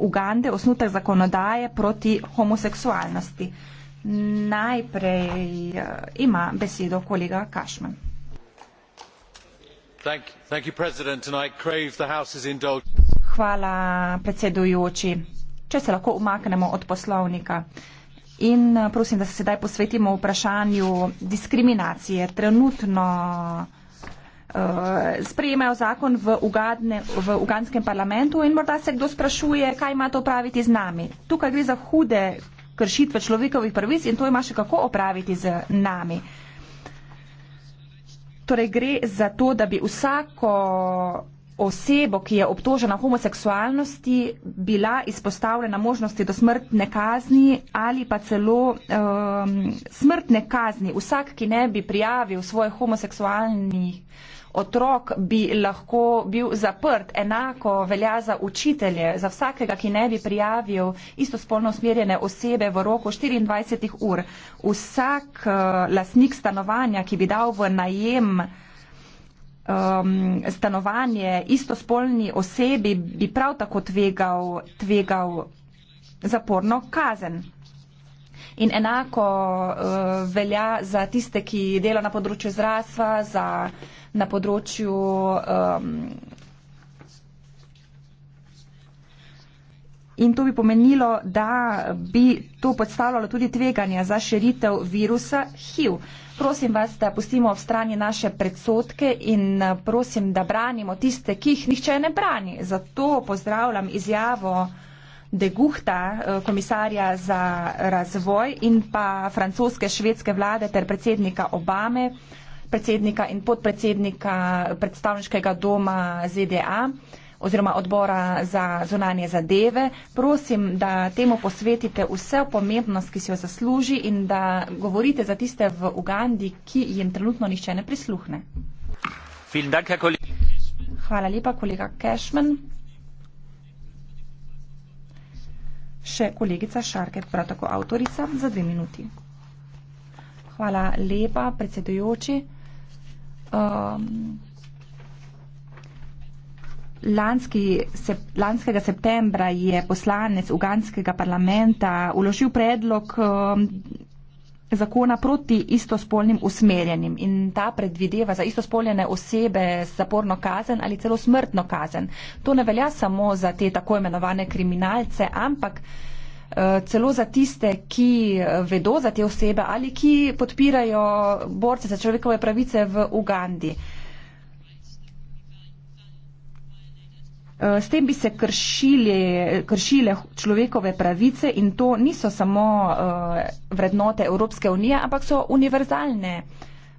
Ugande osnutek zakonodaje proti homoseksualnosti. Najprej eh, ima besedo kolega Kašman. Thank you, thank you Hvala predsedujoči. Če se lahko umaknemo od poslovnika. In eh, prosim, da se sedaj posvetimo vprašanju diskriminacije. Trenutno Eh, sprejemajo zakon v, ugadne, v uganskem parlamentu in morda se kdo sprašuje, kaj ima to praviti z nami. Tukaj gre za hude kršitve človekovih prvic in to ima še kako opraviti z nami. Torej gre za to, da bi vsako osebo, ki je obtožena homoseksualnosti, bila izpostavljena možnosti do smrtne kazni ali pa celo um, smrtne kazni. Vsak, ki ne bi prijavil svoj homoseksualni otrok, bi lahko bil zaprt. Enako velja za učitelje, za vsakega, ki ne bi prijavil istospolno usmerjene osebe v roku 24 ur. Vsak uh, lasnik stanovanja, ki bi dal v najem, um, stanovanje istospolni osebi, bi prav tako tvegal, tvegal zaporno kazen. In enako uh, velja za tiste, ki delajo na področju zdravstva, za, na področju um, In to bi pomenilo, da bi to podstavljalo tudi tveganje za širitev virusa HIV. Prosim vas, da pustimo v strani naše predsotke in prosim, da branimo tiste, ki jih nihče ne brani. Zato pozdravljam izjavo de Guhta, eh, komisarja za razvoj in pa francoske, švedske vlade ter predsednika Obame, predsednika in podpredsednika predstavniškega doma ZDA oziroma odbora za zunanje zadeve. Prosim, da temu posvetite vse pomembnost, ki si jo zasluži in da govorite za tiste v Ugandi, ki jim trenutno nišče ne prisluhne. Hvala lepa, kolega Kešman. Še kolegica Šarket, prav tako avtorica, za dve minuti. Hvala lepa, predsedujoči. Um, Lanski, se, lanskega septembra je poslanec uganskega parlamenta uložil predlog um, zakona proti istospolnim usmerjenim in ta predvideva za istospoljene osebe zaporno kazen ali celo smrtno kazen. To ne velja samo za te tako imenovane kriminalce, ampak uh, celo za tiste, ki uh, vedo za te osebe ali ki podpirajo borce za človekove pravice v Ugandi. Uh, Eh, s tem bi se kršili, kršile človekove pravice in to niso samo eh, vrednote Evropske unije, ampak so univerzalne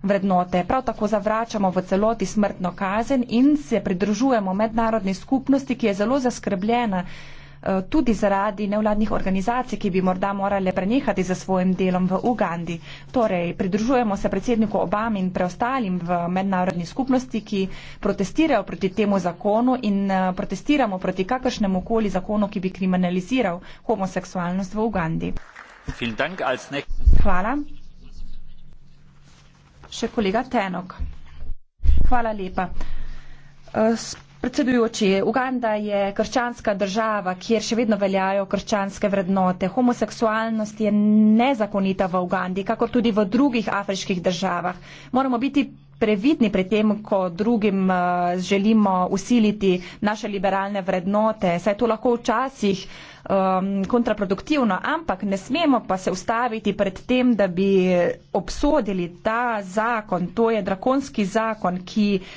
vrednote. Prav tako zavračamo v celoti smrtno kazen in se pridružujemo mednarodni skupnosti, ki je zelo zaskrbljena Eh, tudi zaradi nevladnih organizacij, ki bi morda morale prenehati za svojim delom v Ugandi. Torej, pridružujemo se predsedniku Obam in preostalim v mednarodni skupnosti, ki protestirajo proti temu zakonu in eh, protestiramo proti kakršnemu koli zakonu, ki bi kriminaliziral homoseksualnost v Ugandi. Hvala. Še kolega Tenok. Hvala lepa. Eh, Predsedujoči, Uganda je krščanska država, kjer še vedno veljajo krščanske vrednote. Homoseksualnost je nezakonita v Ugandi, kako tudi v drugih afriških državah. Moramo biti previdni pri tem, ko drugim uh, želimo usiliti naše liberalne vrednote, saj to lahko včasih um, kontraproduktivno, ampak ne smemo pa se ustaviti pred tem, da bi obsodili ta zakon, to je drakonski zakon, ki uh,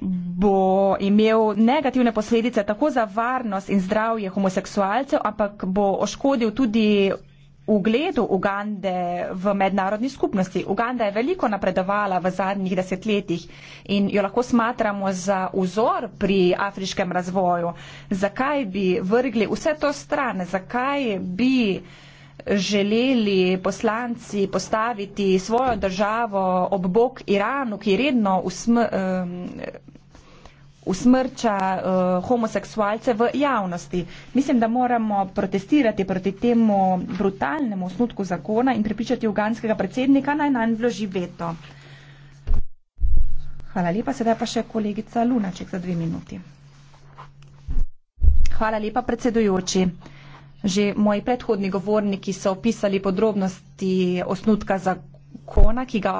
bo imel negativne posledice tako za varnost in zdravje homoseksualcev, ampak bo oškodil tudi ugledu Ugande v mednarodni skupnosti. Uganda je veliko napredovala v zadnjih desetletjih in jo lahko smatramo za vzor pri afriškem razvoju. Zakaj bi vrgli vse to stran? Zakaj bi želeli poslanci postaviti svojo državo ob bok Iranu, ki redno usm, um, usmrča uh, homoseksualce v javnosti. Mislim, da moramo protestirati proti temu brutalnemu osnutku zakona in pripričati uganskega predsednika naj nanj vloži veto. Hvala lepa. Sedaj pa še kolegica Lunaček za dve minuti. Hvala lepa, predsedujoči. Že moji predhodni govorniki so opisali podrobnosti osnutka zakona, ki ga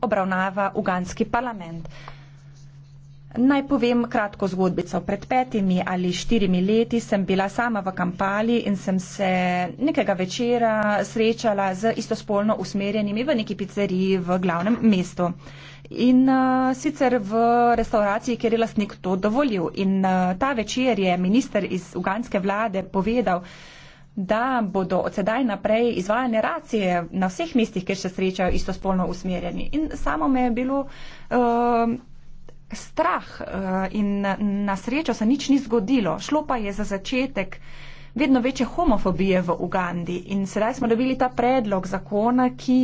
obravnava uganski parlament. Naj povem kratko zgodbico. Pred petimi ali štirimi leti sem bila sama v Kampali in sem se nekega večera srečala z istospolno usmerjenimi v neki pizzeriji v glavnem mestu. In uh, sicer v restauraciji, kjer je lastnik to dovolil. In uh, ta večer je minister iz uganske vlade povedal, da bodo od sedaj naprej izvajane racije na vseh mestih, kjer se srečajo istospolno usmerjeni. In samo me je bilo. Uh, strah eh, in na srečo se nič ni zgodilo. Šlo pa je za začetek vedno večje homofobije v Ugandi in sedaj smo dobili ta predlog zakona, ki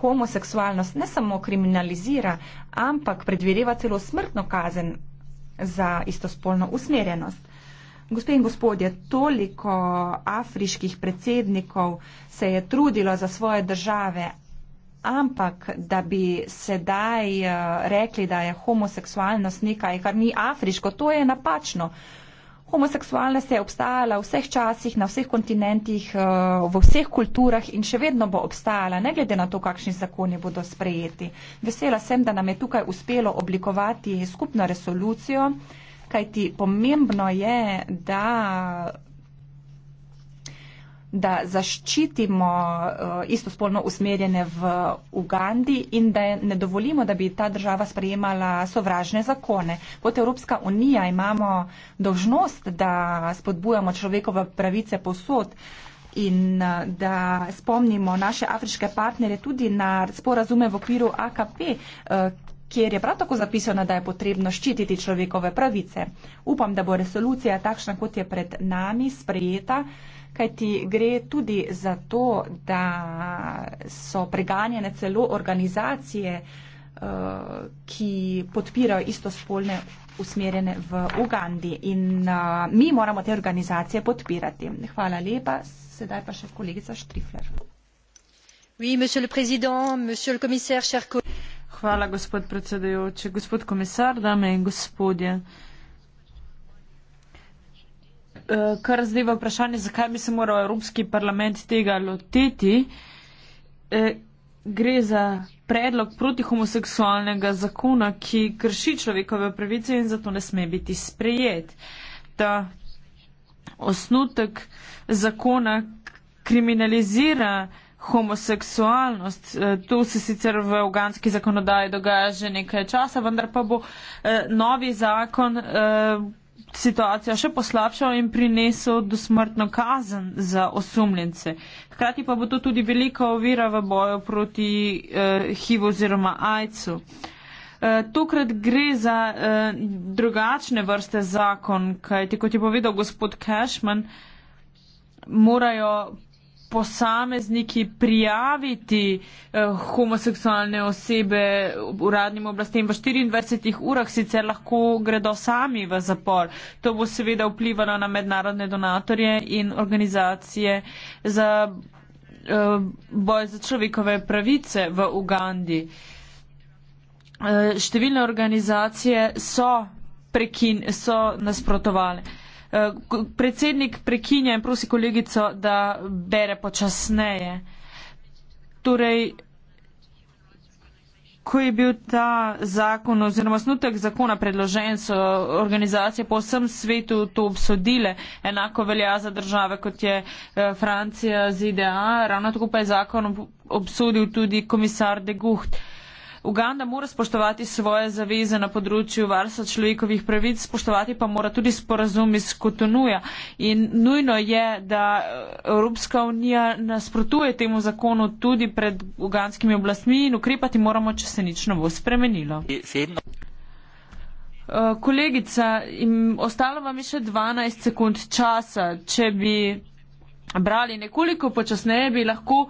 homoseksualnost ne samo kriminalizira, ampak predvideva celo smrtno kazen za istospolno usmerjenost. Gospe in gospodje, toliko afriških predsednikov se je trudilo za svoje države, Ampak, da bi sedaj uh, rekli, da je homoseksualnost nekaj, kar ni afriško, to je napačno. Homoseksualnost je obstajala v vseh časih, na vseh kontinentih, eh, v vseh kulturah in še vedno bo obstajala, ne glede na to, kakšni zakoni bodo sprejeti. Vesela sem, da nam je tukaj uspelo oblikovati skupno resolucijo, kajti pomembno je, da da zaščitimo eh, istospolno usmerjene v Ugandi in da ne dovolimo, da bi ta država sprejemala sovražne zakone. Kot Evropska unija imamo dožnost, da spodbujamo človekove pravice posod in eh, da spomnimo naše afriške partnere tudi na sporazume v okviru AKP, eh, kjer je prav tako zapisano, da je potrebno ščititi človekove pravice. Upam, da bo resolucija takšna, kot je pred nami, sprejeta, kajti gre tudi za to, da so preganjene celo organizacije, eh, ki podpirajo istospolne usmerjene v Ugandi. In eh, mi moramo te organizacije podpirati. Hvala lepa. Sedaj pa še kolegica Štrifler. Oui, monsieur le président, monsieur le commissaire, chers collègues. Hvala, gospod predsedujoči. Gospod komisar, dame in gospodje. Eh, kar zdaj v vprašanje, zakaj bi se moral Evropski parlament tega loteti, eh, gre za predlog proti homoseksualnega zakona, ki krši človekove pravice in zato ne sme biti sprejet. Ta osnutek zakona kriminalizira homoseksualnost. E, to se sicer v uganski zakonodaji dogaja že nekaj časa, vendar pa bo e, novi zakon e, situacijo še poslabšal in prinesel do smrtno kazen za osumljence. Hkrati pa bo to tudi velika ovira v boju proti HIV oziroma AIDS-u. Tokrat gre za drugačne vrste zakon, kajti kot je povedal gospod Cashman, morajo posamezniki prijaviti eh, homoseksualne osebe uradnim oblastem v 24 urah, sicer lahko gredo sami v zapor. To bo seveda vplivalo na mednarodne donatorje in organizacije za eh, boj za človekove pravice v Ugandi. Eh, številne organizacije so, prekin, so nasprotovali. Eh, predsednik prekinja in prosi kolegico, da bere počasneje. Torej, ko je bil ta zakon oziroma snutek zakona predložen, so organizacije po vsem svetu to obsodile. Enako velja za države, kot je eh, Francija, ZDA, ravno tako pa je zakon obsodil tudi komisar de Gucht. Uganda mora spoštovati svoje zaveze na področju varstva človekovih pravic, spoštovati pa mora tudi sporazum iz Kotonuja. In nujno je, da eh, Evropska unija nasprotuje temu zakonu tudi pred uganskimi oblastmi in ukrepati moramo, če se nič ne bo spremenilo. Eh, kolegica, ostalo vam je še 12 sekund časa. Če bi brali nekoliko počasneje, bi lahko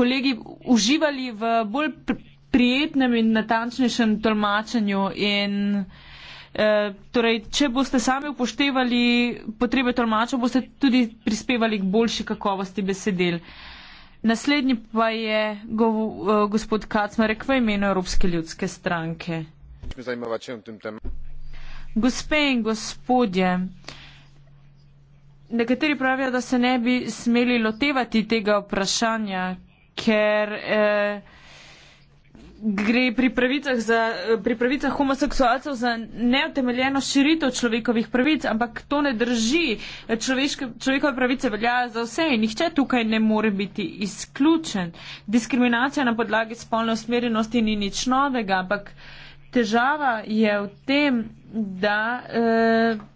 kolegi uživali v bolj. Pr prijetnem in natančnejšem tolmačenju. In, eh, torej, če boste sami upoštevali potrebe tolmačev, boste tudi prispevali k boljši kakovosti besedil. Naslednji pa je gov, eh, gospod Kacmarek v imenu Evropske ljudske stranke. Zanimava, Gospe in gospodje, nekateri pravijo, da se ne bi smeli lotevati tega vprašanja, ker. Eh, gre pri pravicah, za, pri pravicah homoseksualcev za neutemeljeno širitev človekovih pravic, ampak to ne drži. Človeške, človekove pravice veljajo za vse in nihče tukaj ne more biti izključen. Diskriminacija na podlagi spolne usmerjenosti ni nič novega, ampak težava je v tem, da. Eh,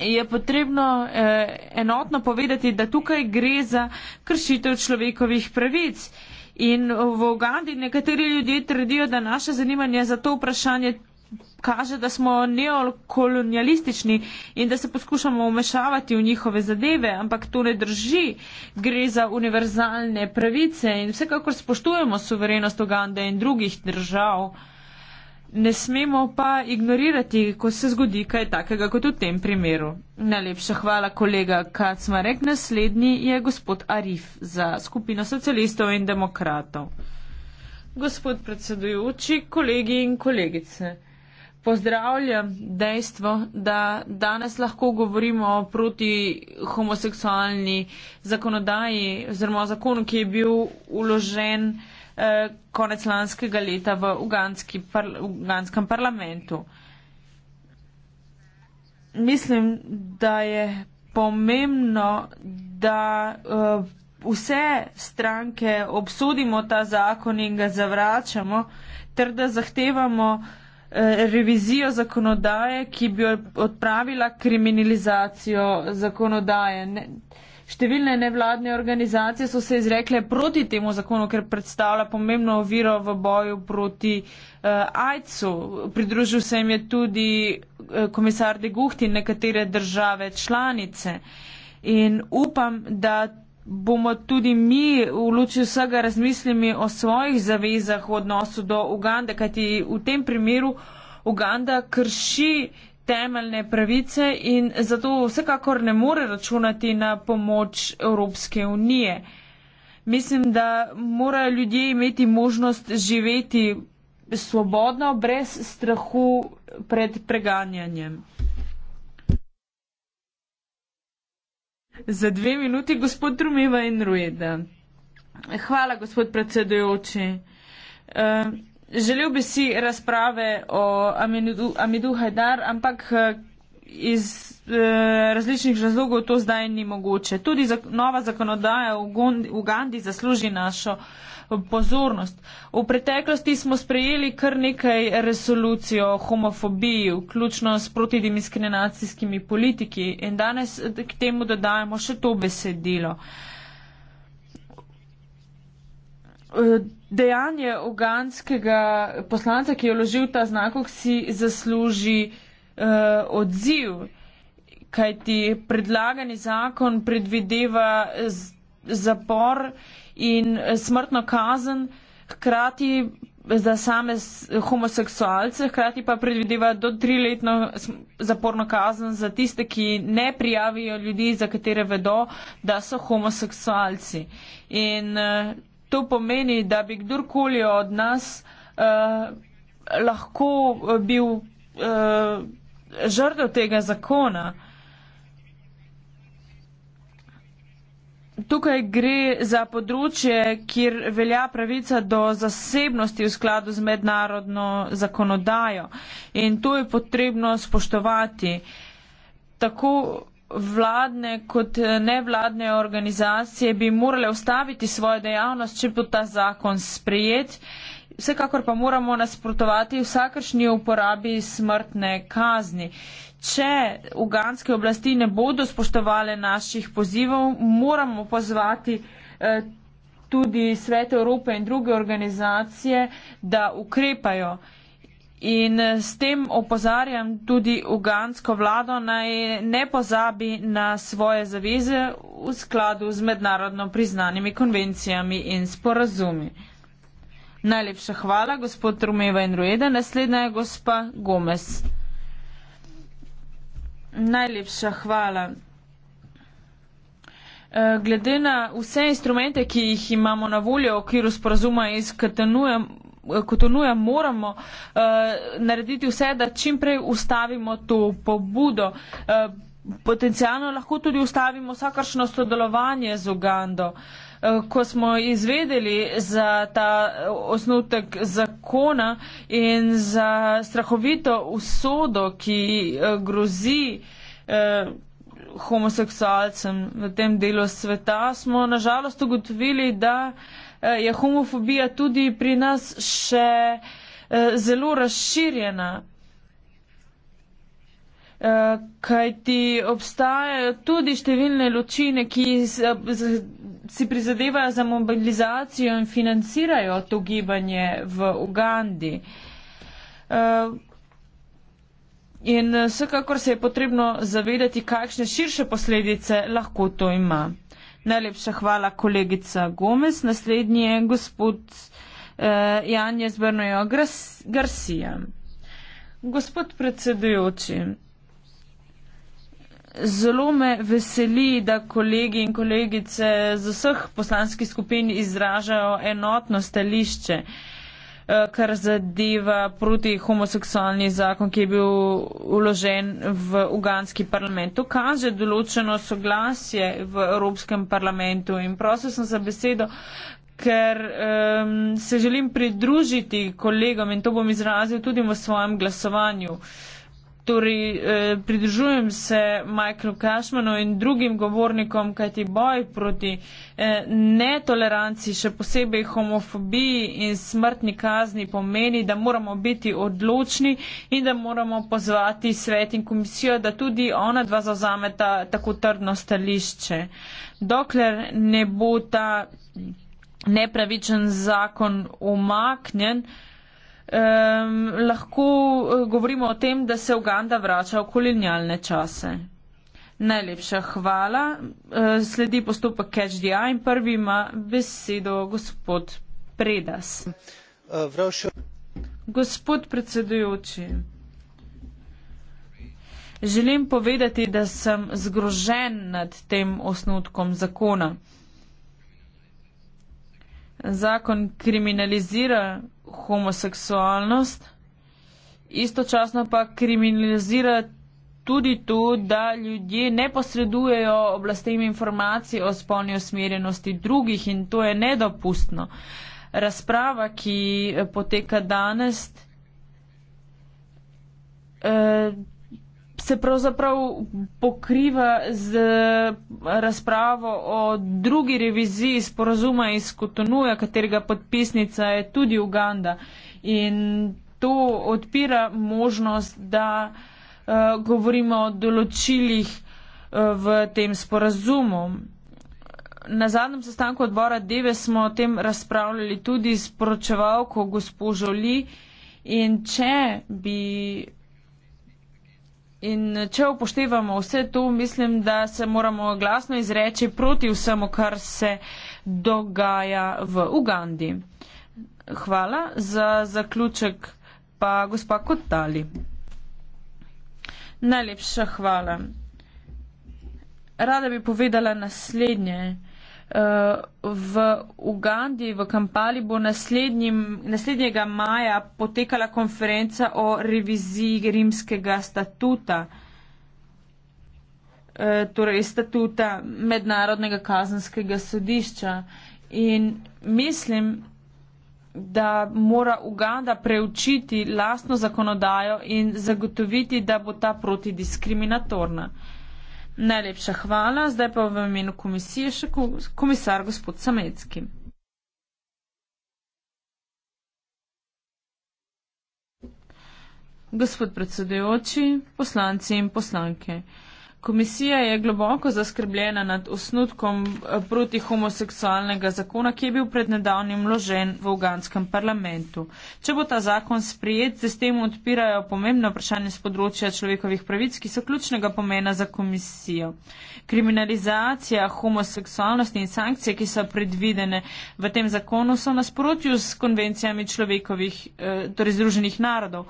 je potrebno eh, enotno povedati, da tukaj gre za kršitev človekovih pravic. Eh, In v Ugandi nekateri ljudje trdijo, da naše zanimanje za to vprašanje kaže, da smo neokolonialistični in da se poskušamo umešavati v njihove zadeve, ampak to ne drži. Gre za univerzalne pravice in vsekakor spoštujemo suverenost Ugande in drugih držav. Uh, Ne smemo pa ignorirati, ko se zgodi kaj takega kot v tem primeru. Najlepša hvala, kolega Kacmarek. Naslednji je gospod Arif za skupino socialistov in demokratov. Gospod predsedujoči, kolegi in kolegice, pozdravljam dejstvo, da danes lahko govorimo o proti homoseksualni zakonodaji oziroma zakonu, ki je bil uložen. Eh, konec lanskega leta v par, uganskem parlamentu. Mislim, da je pomembno, da uh, vse stranke obsodimo ta zakon in ga zavračamo, ter da zahtevamo uh, revizijo zakonodaje, ki bi odpravila kriminalizacijo zakonodaje. Ne, Številne nevladne organizacije so se izrekle proti temu zakonu, ker predstavlja pomembno oviro v boju proti uh, AIDS-u. Pridružil se jim je tudi uh, komisar De Gucht in nekatere države članice. In upam, da bomo tudi mi v luči vsega razmislili o svojih zavezah v odnosu do Ugande, kajti v tem primeru Uganda krši temeljne pravice in zato vsekakor ne more računati na pomoč Evropske unije. Mislim, da morajo ljudje imeti možnost živeti svobodno, brez strahu pred preganjanjem. Za dve minuti, gospod Trumeva in Rueda. Hvala, gospod predsedujoči. Ehm, Želel bi si razprave o Amidu, Amidu Hajdar, ampak eh, iz e, različnih razlogov to zdaj ni mogoče. Tudi zak nova zakonodaja v Gondi, Ugandi zasluži našo pozornost. V preteklosti smo sprejeli kar nekaj resolucij o homofobiji, vključno s protidiskriminacijskimi politiki in danes eh, k temu dodajamo še to besedilo. E, dejanje uganskega poslanca, ki je vložil ta znak, si zasluži uh, odziv, kajti predlagani zakon predvideva eh, zapor in eh, smrtno kazen, hkrati za same homoseksualce, hkrati pa predvideva do triletno zaporno kazen za tiste, ki ne prijavijo ljudi, za katere vedo, da so homoseksualci. In to pomeni, da bi kdorkoli od nas eh, lahko bil eh, žrtev tega zakona. Tukaj gre za področje, kjer velja pravica do zasebnosti v skladu z mednarodno zakonodajo in to je potrebno spoštovati. Tako vladne kot eh, nevladne organizacije bi morale ustaviti svojo dejavnost, če bo ta zakon sprejet. Vsekakor pa moramo nasprotovati vsakršni uporabi smrtne kazni. Če uganske oblasti ne bodo spoštovale naših pozivov, moramo pozvati eh, tudi Svet Evrope in druge organizacije, da ukrepajo. In eh, s tem opozarjam tudi ugansko vlado naj ne pozabi na svoje zaveze v skladu z mednarodno priznanimi konvencijami in sporazumi. Najlepša hvala, gospod Rumeva in Rueda. Naslednja je gospa Gomez. Najlepša hvala. Eh, glede na vse instrumente, ki jih imamo na voljo v okviru sporazuma iz Katanuja, Kotonuja moramo uh, narediti vse, da čim prej ustavimo to pobudo. Uh, eh, potencijalno lahko tudi ustavimo vsakršno sodelovanje z Ugando. Eh, ko smo izvedeli za ta osnutek zakona in za strahovito usodo, ki grozi eh, homoseksualcem v tem delu sveta, smo nažalost ugotovili, da eh, Eh, je homofobija tudi pri nas še eh, zelo razširjena. Eh, Kaj ti obstajajo tudi številne ločine, ki si prizadevajo za mobilizacijo in financirajo to gibanje v Ugandi. In vsekakor se je potrebno zavedati, kakšne širše posledice lahko to ima. Najlepša hvala, kolegica Gomez. Naslednji je gospod eh, Janje Zbrnojo Garcia. Gospod predsedujoči, zelo me veseli, da kolegi in kolegice z vseh poslanskih skupin izražajo enotno stališče. Eh, Eh, kar zadeva proti homoseksualni zakon, ki je bil uložen v uganski parlament. To kaže določeno soglasje v Evropskem parlamentu in prosil sem za besedo, ker um, se želim pridružiti kolegom in to bom izrazil tudi v svojem glasovanju. Uh, torej, eh, pridružujem se Michaelu Cashmanu in drugim govornikom, kajti boj proti eh, netoleranci, še posebej homofobiji in smrtni kazni pomeni, da moramo biti odločni in da moramo pozvati svet in komisijo, da tudi ona dva zauzameta tako trdno stališče. Dokler ne bo ta nepravičen zakon umaknjen, Um, lahko eh, govorimo o tem, da se Uganda vrača v kolonialne čase. Najlepša hvala. Uh, sledi postopek Catch the Eye in prvi ima besedo gospod Predas. Uh, gospod predsedujoči, želim povedati, da sem zgrožen nad tem osnutkom zakona. Zakon kriminalizira homoseksualnost, istočasno pa kriminalizira tudi to, da ljudje ne posredujejo oblastem informacij o spolni usmerjenosti drugih in to je nedopustno. Razprava, ki poteka danes, eh, se pravzaprav pokriva z eh, razpravo o drugi reviziji sporazuma iz Kotonuja, katerega podpisnica je tudi Uganda. In to odpira možnost, da uh, govorimo o določilih uh, v tem sporazumu. Na zadnjem sestanku odbora Deve smo o tem razpravljali tudi s poročevalko gospo Žoli in če bi In eh, če upoštevamo vse to, mislim, da se moramo glasno izreči proti vsemu, kar se dogaja v Ugandi. Hvala za zaključek, pa gospa Kotali. Najlepša hvala. Rada bi povedala naslednje. V Ugandi, v Kampali bo naslednjega maja potekala konferenca o reviziji rimskega statuta, e, torej statuta mednarodnega kazanskega sodišča. In mislim, da mora Uganda preučiti lastno zakonodajo in zagotoviti, da bo ta protidiskriminatorna. Najlepša hvala. Zdaj pa v imenu komisije še komisar gospod Samecki. Gospod predsedujoči, poslanci in poslanke. Komisija je globoko zaskrbljena nad osnutkom eh, protihomoseksualnega zakona, ki je bil pred nedavnim vložen v uganskem parlamentu. Če bo ta zakon sprijet, se s tem odpirajo pomembne vprašanje z področja človekovih pravic, ki so ključnega pomena za komisijo. Kriminalizacija homoseksualnosti in sankcije, ki so predvidene v tem zakonu, so nasprotju s konvencijami človekovih, eh, torej združenih narodov.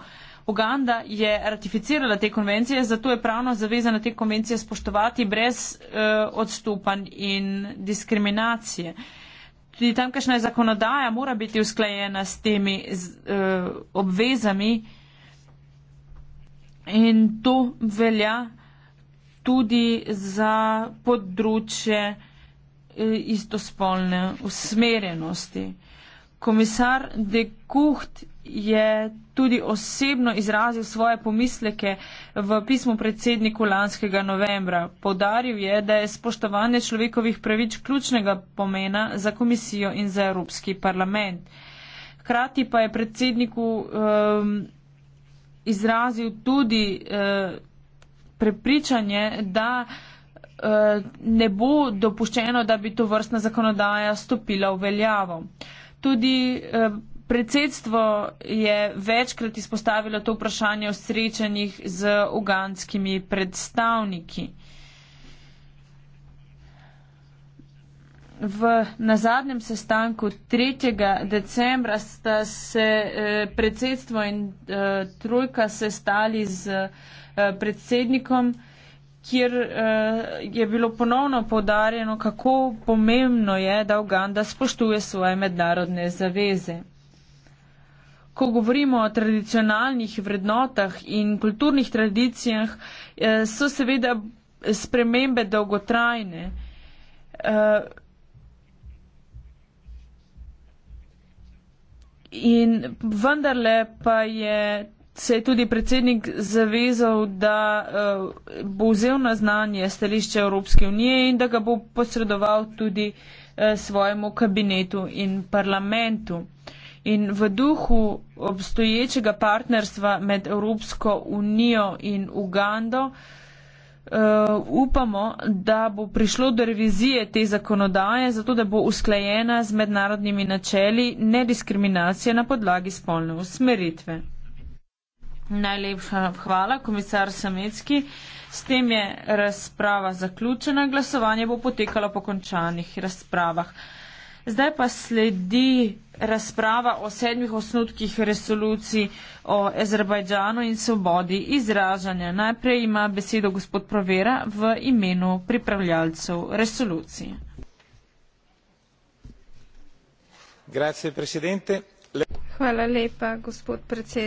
Uganda je ratificirala te konvencije, zato je pravno zavezana te konvencije spoštovati brez uh, eh, odstupanj in diskriminacije. Tudi tamkajšnja zakonodaja mora biti usklajena s temi z, uh, obvezami in to velja tudi za področje uh, istospolne usmerjenosti. Komisar de Kucht je tudi osebno izrazil svoje pomisleke v pismu predsedniku lanskega novembra. Podaril je, da je spoštovanje človekovih pravič ključnega pomena za komisijo in za Evropski parlament. Hkrati pa je predsedniku um, izrazil tudi um, prepričanje, da uh, ne bo dopuščeno, da bi to vrstna zakonodaja stopila v veljavo. Tudi uh, Predsedstvo je večkrat izpostavilo to vprašanje o srečanjih z uganskimi predstavniki. V nazadnjem sestanku 3. decembra sta se eh, predsedstvo in eh, trojka sestali z eh, predsednikom, kjer je bilo ponovno povdarjeno, kako pomembno je, da Uganda spoštuje svoje mednarodne zaveze. Ko govorimo o tradicionalnih vrednotah in kulturnih tradicijah, eh, so seveda spremembe dolgotrajne. Eh, in vendarle pa je, se je tudi predsednik zavezal, da eh, bo vzel na znanje stališče Evropske unije in da ga bo posredoval tudi svojemu kabinetu in parlamentu. In v duhu obstoječega partnerstva med Evropsko unijo in Ugando uh, upamo, da bo prišlo do revizije te zakonodaje, zato da bo usklajena z mednarodnimi načeli nediskriminacije na podlagi spolne usmeritve. Najlepša hvala, komisar Samecki. S tem je razprava zaključena. Glasovanje bo potekalo po končanih razpravah. Zdaj pa sledi razprava o sedmih osnutkih resolucij o Azerbajdžanu in svobodi izražanja. Najprej ima besedo gospod Provera v imenu pripravljalcev resolucij. Hvala lepa, gospod predsednik.